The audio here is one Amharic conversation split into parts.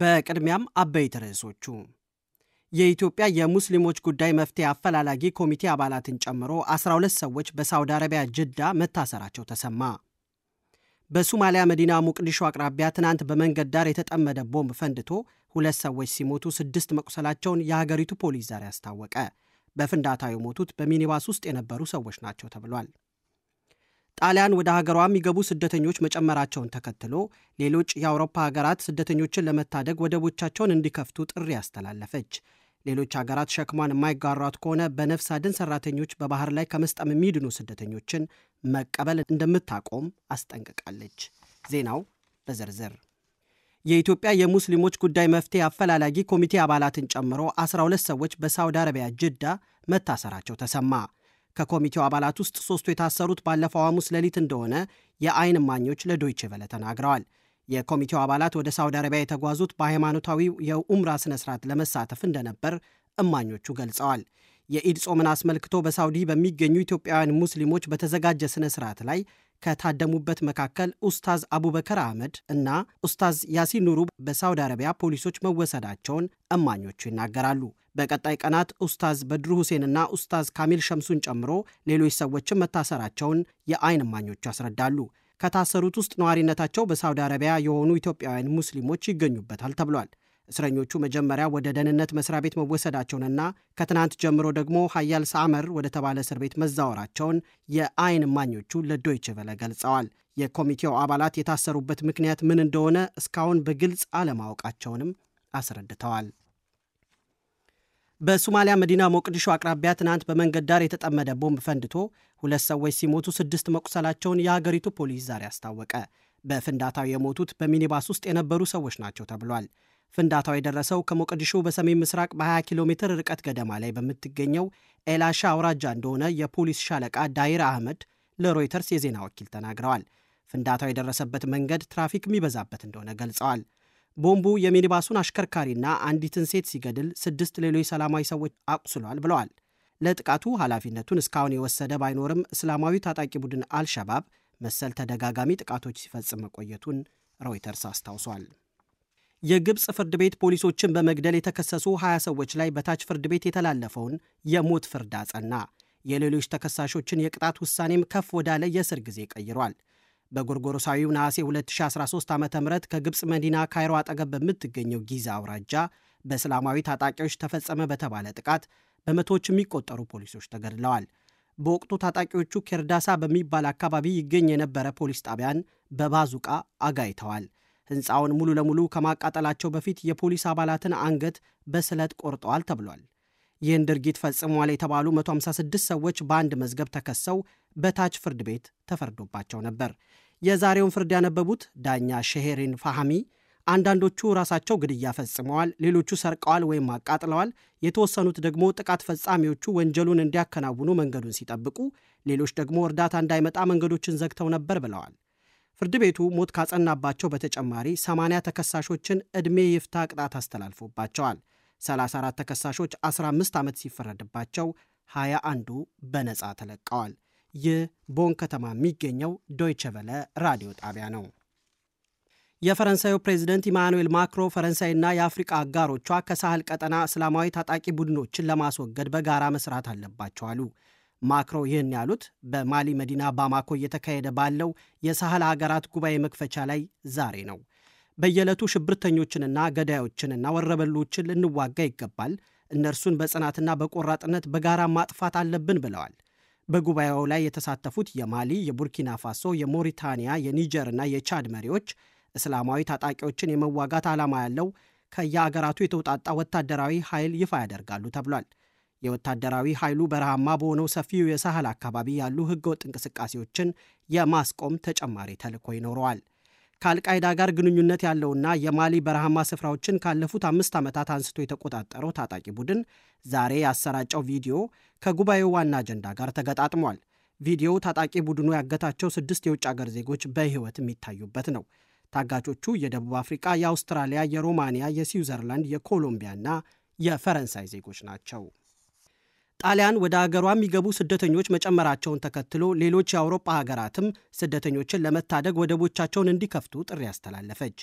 በቅድሚያም አበይት ርዕሶቹ የኢትዮጵያ የሙስሊሞች ጉዳይ መፍትሄ አፈላላጊ ኮሚቴ አባላትን ጨምሮ 12 ሰዎች በሳውዲ አረቢያ ጅዳ መታሰራቸው ተሰማ። በሱማሊያ መዲና ሙቅዲሾ አቅራቢያ ትናንት በመንገድ ዳር የተጠመደ ቦምብ ፈንድቶ ሁለት ሰዎች ሲሞቱ ስድስት መቁሰላቸውን የሀገሪቱ ፖሊስ ዛሬ አስታወቀ። በፍንዳታው የሞቱት በሚኒባስ ውስጥ የነበሩ ሰዎች ናቸው ተብሏል። ጣሊያን ወደ ሀገሯ የሚገቡ ስደተኞች መጨመራቸውን ተከትሎ ሌሎች የአውሮፓ ሀገራት ስደተኞችን ለመታደግ ወደቦቻቸውን እንዲከፍቱ ጥሪ አስተላለፈች። ሌሎች ሀገራት ሸክሟን የማይጋሯት ከሆነ በነፍስ አድን ሰራተኞች በባህር ላይ ከመስጠም የሚድኑ ስደተኞችን መቀበል እንደምታቆም አስጠንቅቃለች። ዜናው በዝርዝር የኢትዮጵያ የሙስሊሞች ጉዳይ መፍትሄ አፈላላጊ ኮሚቴ አባላትን ጨምሮ 12 ሰዎች በሳውዲ አረቢያ ጅዳ መታሰራቸው ተሰማ። ከኮሚቴው አባላት ውስጥ ሦስቱ የታሰሩት ባለፈው ሐሙስ ሌሊት እንደሆነ የአይን እማኞች ለዶይቼ ቬለ ተናግረዋል። የኮሚቴው አባላት ወደ ሳውዲ አረቢያ የተጓዙት በሃይማኖታዊው የኡምራ ሥነ ሥርዓት ለመሳተፍ እንደነበር እማኞቹ ገልጸዋል። የኢድ ጾምን አስመልክቶ በሳውዲ በሚገኙ ኢትዮጵያውያን ሙስሊሞች በተዘጋጀ ሥነ ሥርዓት ላይ ከታደሙበት መካከል ኡስታዝ አቡበከር አህመድ እና ኡስታዝ ያሲን ኑሩ በሳውዲ አረቢያ ፖሊሶች መወሰዳቸውን እማኞቹ ይናገራሉ። በቀጣይ ቀናት ኡስታዝ በድሩ ሁሴንና ኡስታዝ ካሚል ሸምሱን ጨምሮ ሌሎች ሰዎችም መታሰራቸውን የአይን እማኞቹ ያስረዳሉ። ከታሰሩት ውስጥ ነዋሪነታቸው በሳውዲ አረቢያ የሆኑ ኢትዮጵያውያን ሙስሊሞች ይገኙበታል ተብሏል። እስረኞቹ መጀመሪያ ወደ ደህንነት መስሪያ ቤት መወሰዳቸውንና ከትናንት ጀምሮ ደግሞ ሀያል ሳመር ወደ ተባለ እስር ቤት መዛወራቸውን የአይን እማኞቹ ለዶይቼ ቬለ ገልጸዋል። የኮሚቴው አባላት የታሰሩበት ምክንያት ምን እንደሆነ እስካሁን በግልጽ አለማወቃቸውንም አስረድተዋል። በሶማሊያ መዲና ሞቅዲሾ አቅራቢያ ትናንት በመንገድ ዳር የተጠመደ ቦምብ ፈንድቶ ሁለት ሰዎች ሲሞቱ ስድስት መቁሰላቸውን የሀገሪቱ ፖሊስ ዛሬ አስታወቀ። በፍንዳታው የሞቱት በሚኒባስ ውስጥ የነበሩ ሰዎች ናቸው ተብሏል። ፍንዳታው የደረሰው ከሞቀዲሾ በሰሜን ምስራቅ በ20 ኪሎ ሜትር ርቀት ገደማ ላይ በምትገኘው ኤላሻ አውራጃ እንደሆነ የፖሊስ ሻለቃ ዳይር አህመድ ለሮይተርስ የዜና ወኪል ተናግረዋል። ፍንዳታው የደረሰበት መንገድ ትራፊክ የሚበዛበት እንደሆነ ገልጸዋል። ቦምቡ የሚኒባሱን አሽከርካሪና አንዲትን ሴት ሲገድል ስድስት ሌሎች ሰላማዊ ሰዎች አቁስሏል ብለዋል። ለጥቃቱ ኃላፊነቱን እስካሁን የወሰደ ባይኖርም እስላማዊ ታጣቂ ቡድን አልሸባብ መሰል ተደጋጋሚ ጥቃቶች ሲፈጽም መቆየቱን ሮይተርስ አስታውሷል። የግብፅ ፍርድ ቤት ፖሊሶችን በመግደል የተከሰሱ 20 ሰዎች ላይ በታች ፍርድ ቤት የተላለፈውን የሞት ፍርድ አጸና። የሌሎች ተከሳሾችን የቅጣት ውሳኔም ከፍ ወዳለ የእስር ጊዜ ቀይሯል። በጎርጎሮሳዊው ነሐሴ 2013 ዓ ም ከግብፅ መዲና ካይሮ አጠገብ በምትገኘው ጊዛ አውራጃ በእስላማዊ ታጣቂዎች ተፈጸመ በተባለ ጥቃት በመቶዎች የሚቆጠሩ ፖሊሶች ተገድለዋል። በወቅቱ ታጣቂዎቹ ኬርዳሳ በሚባል አካባቢ ይገኝ የነበረ ፖሊስ ጣቢያን በባዙቃ አጋይተዋል። ሕንፃውን ሙሉ ለሙሉ ከማቃጠላቸው በፊት የፖሊስ አባላትን አንገት በስለት ቆርጠዋል ተብሏል። ይህን ድርጊት ፈጽሟል የተባሉ 156 ሰዎች በአንድ መዝገብ ተከሰው በታች ፍርድ ቤት ተፈርዶባቸው ነበር። የዛሬውን ፍርድ ያነበቡት ዳኛ ሸሄሪን ፋሃሚ አንዳንዶቹ ራሳቸው ግድያ ፈጽመዋል፣ ሌሎቹ ሰርቀዋል ወይም አቃጥለዋል፣ የተወሰኑት ደግሞ ጥቃት ፈጻሚዎቹ ወንጀሉን እንዲያከናውኑ መንገዱን ሲጠብቁ፣ ሌሎች ደግሞ እርዳታ እንዳይመጣ መንገዶችን ዘግተው ነበር ብለዋል። ፍርድ ቤቱ ሞት ካጸናባቸው በተጨማሪ 80 ተከሳሾችን ዕድሜ ይፍታ ቅጣት አስተላልፎባቸዋል። 34 ተከሳሾች 15 ዓመት ሲፈረድባቸው 21ዱ በነፃ ተለቀዋል። ይህ ቦን ከተማ የሚገኘው ዶይቸ ቨለ ራዲዮ ጣቢያ ነው። የፈረንሳዩ ፕሬዚደንት ኢማኑኤል ማክሮ ፈረንሳይና የአፍሪቃ አጋሮቿ ከሳህል ቀጠና እስላማዊ ታጣቂ ቡድኖችን ለማስወገድ በጋራ መስራት አለባቸው አሉ። ማክሮ ይህን ያሉት በማሊ መዲና ባማኮ እየተካሄደ ባለው የሳህል ሀገራት ጉባኤ መክፈቻ ላይ ዛሬ ነው። በየዕለቱ ሽብርተኞችንና ገዳዮችንና ወረበሎችን ልንዋጋ ይገባል፣ እነርሱን በጽናትና በቆራጥነት በጋራ ማጥፋት አለብን ብለዋል። በጉባኤው ላይ የተሳተፉት የማሊ፣ የቡርኪና ፋሶ፣ የሞሪታንያ፣ የኒጀርና የቻድ መሪዎች እስላማዊ ታጣቂዎችን የመዋጋት ዓላማ ያለው ከየአገራቱ የተውጣጣ ወታደራዊ ኃይል ይፋ ያደርጋሉ ተብሏል። የወታደራዊ ኃይሉ በረሃማ በሆነው ሰፊው የሳህል አካባቢ ያሉ ህገወጥ እንቅስቃሴዎችን የማስቆም ተጨማሪ ተልዕኮ ይኖረዋል። ከአልቃይዳ ጋር ግንኙነት ያለውና የማሊ በረሃማ ስፍራዎችን ካለፉት አምስት ዓመታት አንስቶ የተቆጣጠረው ታጣቂ ቡድን ዛሬ ያሰራጨው ቪዲዮ ከጉባኤው ዋና አጀንዳ ጋር ተገጣጥሟል። ቪዲዮው ታጣቂ ቡድኑ ያገታቸው ስድስት የውጭ አገር ዜጎች በሕይወት የሚታዩበት ነው። ታጋቾቹ የደቡብ አፍሪቃ፣ የአውስትራሊያ፣ የሮማንያ፣ የስዊዘርላንድ፣ የኮሎምቢያና የፈረንሳይ ዜጎች ናቸው። ጣሊያን ወደ አገሯ የሚገቡ ስደተኞች መጨመራቸውን ተከትሎ ሌሎች የአውሮፓ ሀገራትም ስደተኞችን ለመታደግ ወደቦቻቸውን እንዲከፍቱ ጥሪ አስተላለፈች።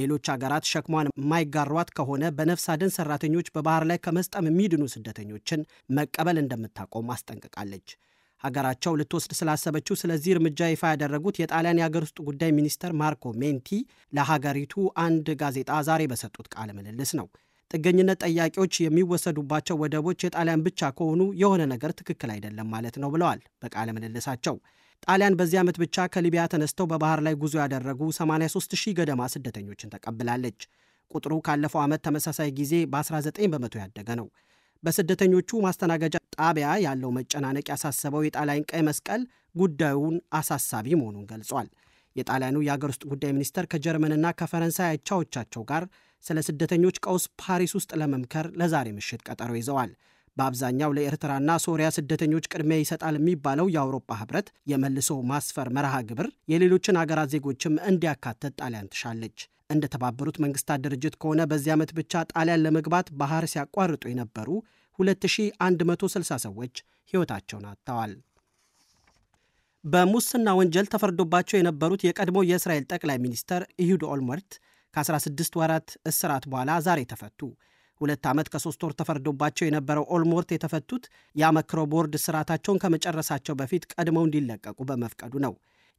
ሌሎች ሀገራት ሸክሟን የማይጋሯት ከሆነ በነፍስ አድን ሰራተኞች በባህር ላይ ከመስጠም የሚድኑ ስደተኞችን መቀበል እንደምታቆም አስጠንቅቃለች። ሀገራቸው ልትወስድ ስላሰበችው ስለዚህ እርምጃ ይፋ ያደረጉት የጣሊያን የአገር ውስጥ ጉዳይ ሚኒስተር ማርኮ ሜንቲ ለሀገሪቱ አንድ ጋዜጣ ዛሬ በሰጡት ቃለ ምልልስ ነው። ጥገኝነት ጠያቂዎች የሚወሰዱባቸው ወደቦች የጣሊያን ብቻ ከሆኑ የሆነ ነገር ትክክል አይደለም ማለት ነው ብለዋል በቃለ ምልልሳቸው። ጣሊያን በዚህ ዓመት ብቻ ከሊቢያ ተነስተው በባህር ላይ ጉዞ ያደረጉ 83 ሺህ ገደማ ስደተኞችን ተቀብላለች። ቁጥሩ ካለፈው ዓመት ተመሳሳይ ጊዜ በ19 በመቶ ያደገ ነው። በስደተኞቹ ማስተናገጃ ጣቢያ ያለው መጨናነቅ ያሳሰበው የጣሊያን ቀይ መስቀል ጉዳዩን አሳሳቢ መሆኑን ገልጿል። የጣሊያኑ የአገር ውስጥ ጉዳይ ሚኒስተር ከጀርመንና ከፈረንሳይ አቻዎቻቸው ጋር ስለ ስደተኞች ቀውስ ፓሪስ ውስጥ ለመምከር ለዛሬ ምሽት ቀጠሮ ይዘዋል። በአብዛኛው ለኤርትራና ሶሪያ ስደተኞች ቅድሚያ ይሰጣል የሚባለው የአውሮፓ ህብረት የመልሶ ማስፈር መርሃ ግብር የሌሎችን አገራት ዜጎችም እንዲያካተት ጣሊያን ትሻለች። እንደ ተባበሩት መንግስታት ድርጅት ከሆነ በዚህ ዓመት ብቻ ጣሊያን ለመግባት ባህር ሲያቋርጡ የነበሩ 2160 ሰዎች ሕይወታቸውን አጥተዋል። በሙስና ወንጀል ተፈርዶባቸው የነበሩት የቀድሞ የእስራኤል ጠቅላይ ሚኒስትር ኢሁድ ኦልመርት ከ16 ወራት እስራት በኋላ ዛሬ ተፈቱ። ሁለት ዓመት ከሶስት ወር ተፈርዶባቸው የነበረው ኦልሞርት የተፈቱት የአመክሮ ቦርድ ስርዓታቸውን ከመጨረሳቸው በፊት ቀድመው እንዲለቀቁ በመፍቀዱ ነው።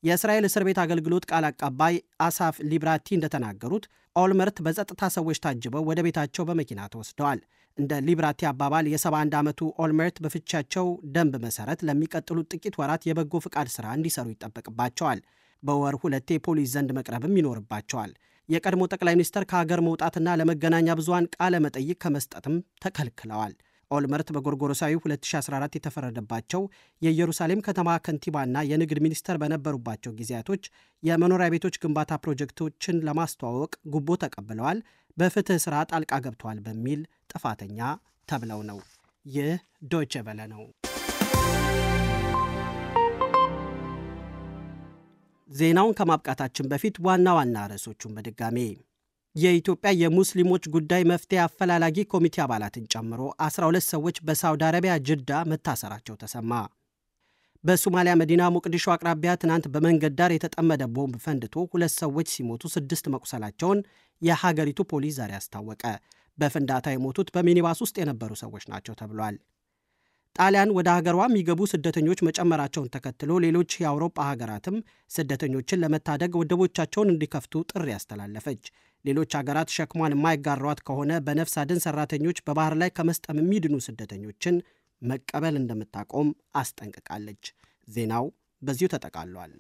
የእስራኤል እስር ቤት አገልግሎት ቃል አቀባይ አሳፍ ሊብራቲ እንደተናገሩት ኦልመርት በጸጥታ ሰዎች ታጅበው ወደ ቤታቸው በመኪና ተወስደዋል። እንደ ሊብራቲ አባባል የ71 ዓመቱ ኦልመርት በፍቻቸው ደንብ መሰረት ለሚቀጥሉት ጥቂት ወራት የበጎ ፍቃድ ሥራ እንዲሰሩ ይጠበቅባቸዋል። በወር ሁለቴ ፖሊስ ዘንድ መቅረብም ይኖርባቸዋል። የቀድሞ ጠቅላይ ሚኒስተር ከሀገር መውጣትና ለመገናኛ ብዙሃን ቃለ መጠይቅ ከመስጠትም ተከልክለዋል። ኦልመርት በጎርጎሮሳዊ 2014 የተፈረደባቸው የኢየሩሳሌም ከተማ ከንቲባና የንግድ ሚኒስተር በነበሩባቸው ጊዜያቶች የመኖሪያ ቤቶች ግንባታ ፕሮጀክቶችን ለማስተዋወቅ ጉቦ ተቀብለዋል፣ በፍትህ ስራ ጣልቃ ገብተዋል በሚል ጥፋተኛ ተብለው ነው። ይህ ዶይቼ ቬለ ነው። ዜናውን ከማብቃታችን በፊት ዋና ዋና ርዕሶቹን በድጋሜ የኢትዮጵያ የሙስሊሞች ጉዳይ መፍትሄ አፈላላጊ ኮሚቴ አባላትን ጨምሮ 12 ሰዎች በሳውዲ አረቢያ ጅዳ መታሰራቸው ተሰማ። በሶማሊያ መዲና ሞቅዲሾ አቅራቢያ ትናንት በመንገድ ዳር የተጠመደ ቦምብ ፈንድቶ ሁለት ሰዎች ሲሞቱ ስድስት መቁሰላቸውን የሀገሪቱ ፖሊስ ዛሬ አስታወቀ። በፍንዳታ የሞቱት በሚኒባስ ውስጥ የነበሩ ሰዎች ናቸው ተብሏል። ጣሊያን ወደ ሀገሯ የሚገቡ ስደተኞች መጨመራቸውን ተከትሎ ሌሎች የአውሮፓ ሀገራትም ስደተኞችን ለመታደግ ወደቦቻቸውን እንዲከፍቱ ጥሪ አስተላለፈች። ሌሎች ሀገራት ሸክሟን የማይጋሯት ከሆነ በነፍስ አድን ሰራተኞች በባህር ላይ ከመስጠም የሚድኑ ስደተኞችን መቀበል እንደምታቆም አስጠንቅቃለች። ዜናው በዚሁ ተጠቃሏል።